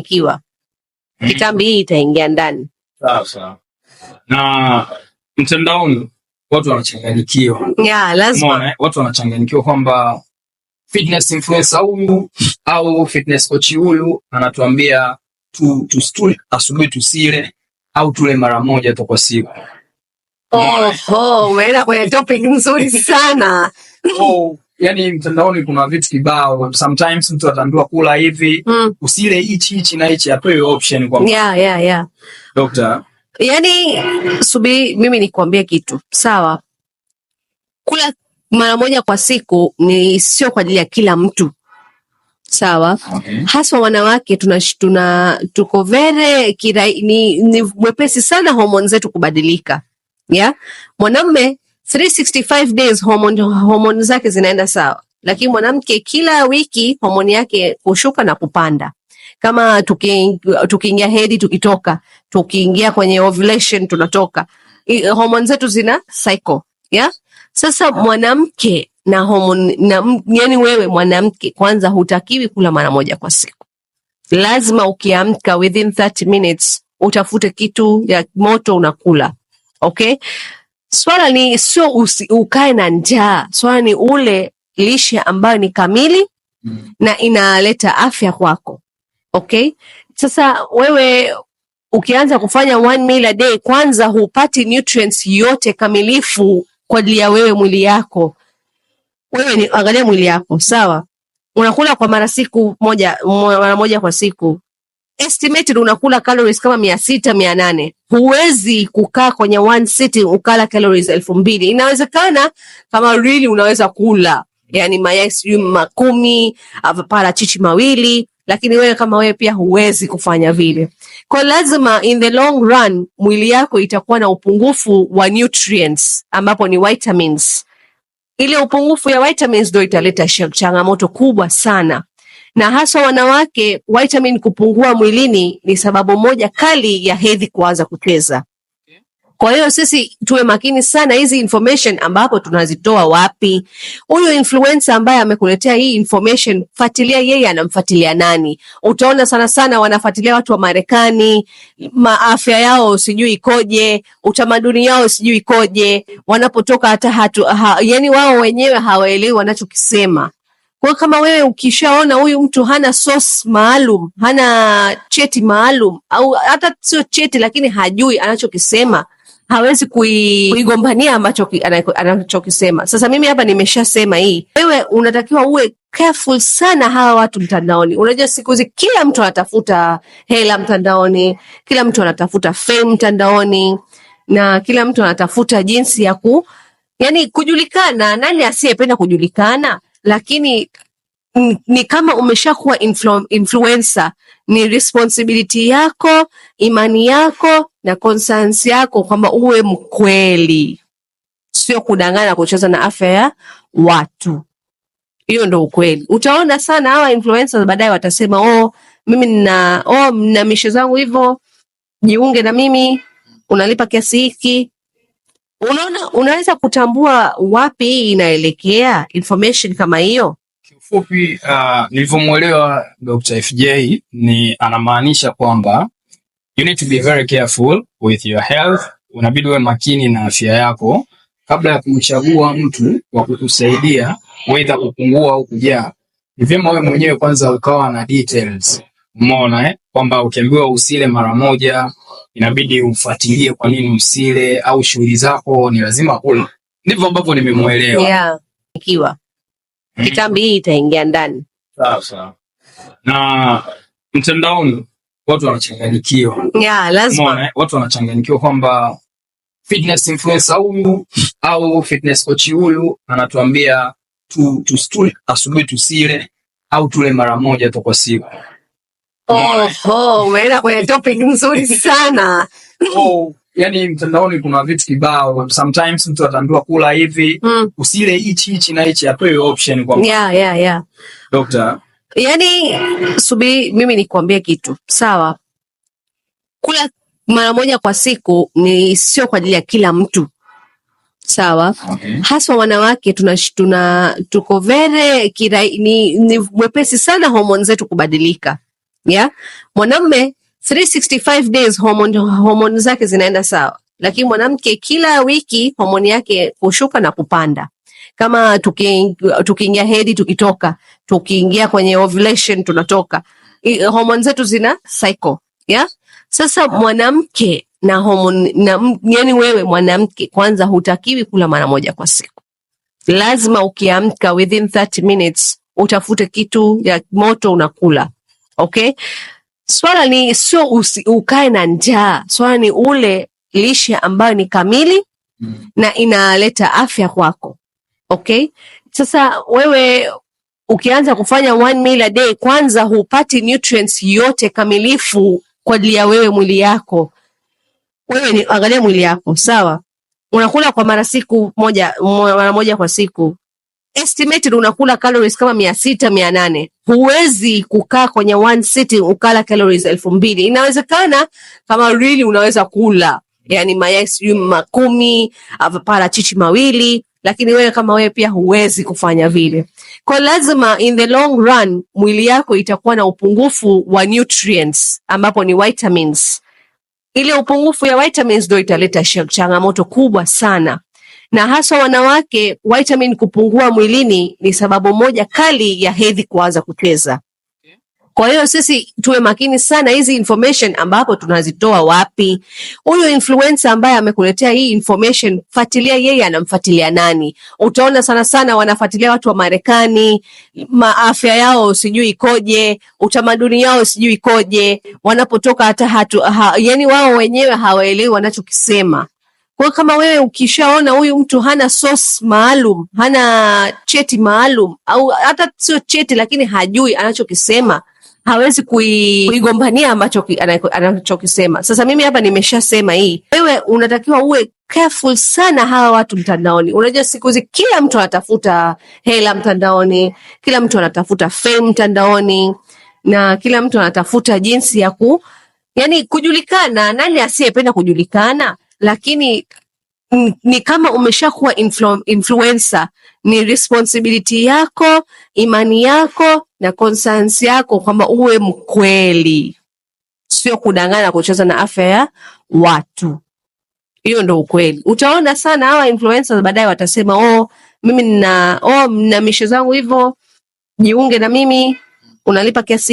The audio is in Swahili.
ikiwa mm. kitambi hii itaingia ndani Na mtandaoni watu wanachanganyikiwa, yeah, lazima eh? watu wanachanganyikiwa kwamba fitness influencer huyu au fitness coach huyu anatuambia tu, tu asubuhi tusile au tule mara moja tu kwa siku. umeenda kwenye topic nzuri sana. oh yani mtandaoni kuna vitu kibao, sometimes mtu atambiwa kula hivi mm. usile hichi hichi na hichi, apewe option kwa yeah, yeah, yeah. Doctor, yani subi mimi nikuambie kitu sawa. Kula mara moja kwa siku ni sio kwa ajili ya kila mtu sawa, okay. Haswa wanawake tuna, tuna tuko vere kirai, ni, ni mwepesi sana homoni zetu kubadilika yeah? mwanamme 365 days hormone, hormone zake zinaenda sawa, lakini mwanamke kila wiki homoni yake kushuka na kupanda kama tukiingia tuki hedhi tukitoka, tukiingia kwenye ovulation tunatoka, homoni zetu zina cycle yeah. Sasa mwanamke na homoni na, yani wewe mwanamke kwanza, hutakiwi kula mara moja kwa siku. Lazima ukiamka within 30 minutes utafute kitu ya moto unakula, okay. Swala ni sio ukae na njaa, swala ni ule lishe ambayo ni kamili mm. na inaleta afya kwako. Okay, sasa wewe ukianza kufanya one meal a day, kwanza hupati nutrients yote kamilifu kwa ajili ya wewe mwili yako. Wewe ni angalia mwili yako, sawa? Unakula kwa mara siku moja mara moja kwa siku, estimated unakula calories kama mia sita mia nane huwezi kukaa kwenye one sitting ukala calories elfu mbili. Inawezekana kama really unaweza kula yani mayai sijui makumi chichi mawili, lakini wewe kama wewe pia huwezi kufanya vile, kwa lazima in the long run mwili yako itakuwa na upungufu wa nutrients ambapo ni vitamins. Ile upungufu ya vitamins ndo italeta changamoto kubwa sana na hasa wanawake, vitamin kupungua mwilini ni sababu moja kali ya hedhi kuanza kucheza. Kwa hiyo sisi tuwe makini sana hizi information ambapo tunazitoa wapi. Huyu influencer ambaye amekuletea hii information, fuatilia yeye anamfuatilia nani. Utaona sana sana wanafuatilia watu wa Marekani, maafya yao sijui ikoje, utamaduni yao sijui ikoje, wanapotoka hata hatu, ha, yani wao wenyewe hawaelewi wanachokisema kwao kama wewe ukishaona huyu mtu hana source maalum, hana cheti maalum, au hata sio cheti, lakini hajui anachokisema, hawezi kuigombania ambacho anachokisema. Sasa mimi hapa nimeshasema hii, wewe unatakiwa uwe careful sana hawa watu mtandaoni. Unajua siku hizi kila mtu anatafuta hela mtandaoni, kila mtu anatafuta fame mtandaoni, na kila mtu anatafuta jinsi ya ku, yani kujulikana. Nani asiyependa kujulikana? lakini ni kama umeshakuwa influ influencer, ni responsibility yako, imani yako na conscience yako kwamba uwe mkweli, sio kudangana kucheza na afya ya watu. Hiyo ndo ukweli. Utaona sana hawa influencers baadaye watasema oh, mimi nina oh, mna mishe zangu hivyo, jiunge na mimi, unalipa kiasi hiki, Unaona, unaweza kutambua wapi hii inaelekea information kama hiyo? Kiufupi, uh, nilivyomwelewa Dr. FJ ni anamaanisha kwamba you need to be very careful with your health, unabidi uwe makini na afya yako kabla ya kumchagua mtu wa kukusaidia weidha kupungua au kujaa. Ni vyema wewe mwenyewe kwanza ukawa na details, umeona eh, kwamba ukiambiwa usile mara moja inabidi ufuatilie kwa nini usile au shughuli zako ni lazima kula. Ndivyo ambavyo nimemwelewa. Yeah. Ikiwa hmm. kitambi hii itaingia ndani. Sawa sawa. Na mtandaoni watu wanachanganyikiwa. Yeah, lazima. Eh? Watu wanachanganyikiwa kwamba fitness influencer huyu au fitness coach huyu anatuambia tu, tu asubuhi tusile au tule mara moja tu kwa siku. Oho, umeenda kwenye topic nzuri sana. Oh, yani mtandaoni kuna vitu kibao. Sometimes mtu ataambiwa kula hivi, mm. usile hichi hichi na hichi, apewe option kwa. mtu. Yeah, yeah, yeah. Doctor. Yani, subiri mimi nikwambie kitu. Sawa. Kula mara moja kwa siku ni sio kwa ajili ya kila mtu. Sawa. Okay. Haswa wanawake tuna, tuna tuko vere kirai, ni, ni mwepesi sana homoni zetu kubadilika yeah? mwanamme 365 days hormone, hormone zake zinaenda sawa, lakini mwanamke kila wiki homoni yake kushuka na kupanda kama tukiingia tuki hedhi tukitoka, tukiingia kwenye ovulation tunatoka, homoni zetu zina cycle yeah. Sasa mwanamke na homoni na, yani wewe mwanamke kwanza, hutakiwi kula mara moja kwa siku. Lazima ukiamka within 30 minutes utafute kitu ya moto unakula Okay, swala ni sio ukae na njaa, swala ni ule lishe ambayo ni kamili mm, na inaleta afya kwako. Okay, sasa wewe ukianza kufanya one meal a day, kwanza hupati nutrients yote kamilifu kwa ajili ya wewe mwili yako. Wewe ni angalia mwili yako, sawa? Unakula kwa mara siku moja, mara moja kwa siku estimated unakula calories kama mia sita mia nane huwezi kukaa kwenye one sitting ukala calories elfu mbili inawezekana kama really unaweza kula yani mayai sijui makumi parachichi mawili lakini wewe kama wewe pia huwezi kufanya vile kwa lazima in the long run mwili yako itakuwa na upungufu wa nutrients ambapo ni vitamins ile upungufu ya vitamins ndo italeta changamoto kubwa sana na haswa wanawake, vitamin kupungua mwilini ni sababu moja kali ya hedhi kuanza kucheza. Kwa hiyo sisi tuwe makini sana hizi information ambapo tunazitoa wapi. Huyu influencer ambaye amekuletea hii information, fuatilia yeye anamfuatilia nani. Utaona sana sana wanafuatilia watu wa Marekani, maafya yao sijui ikoje, utamaduni yao sijui ikoje, wanapotoka hata hatu, ha, yani wao wenyewe hawaelewi wanachokisema. Kwa kama wewe ukishaona huyu mtu hana source maalum, hana cheti maalum, au hata sio cheti, lakini hajui anachokisema hawezi kuigombania ambacho anachokisema. Sasa mimi hapa nimeshasema hii, wewe unatakiwa uwe careful sana hawa watu mtandaoni. Unajua siku hizi kila mtu anatafuta hela mtandaoni, kila mtu anatafuta fame mtandaoni, na kila mtu anatafuta jinsi ya ku, yani kujulikana. Nani asiyependa kujulikana? lakini mm, ni kama umeshakuwa influ influencer, ni responsibility yako, imani yako na conscience yako kwamba uwe mkweli, sio kudangana kucheza na afya ya watu. Hiyo ndo ukweli. Utaona sana hawa influencers baadaye watasema oh, mimi nina oh, mishe zangu hivyo, jiunge na mimi, unalipa kiasi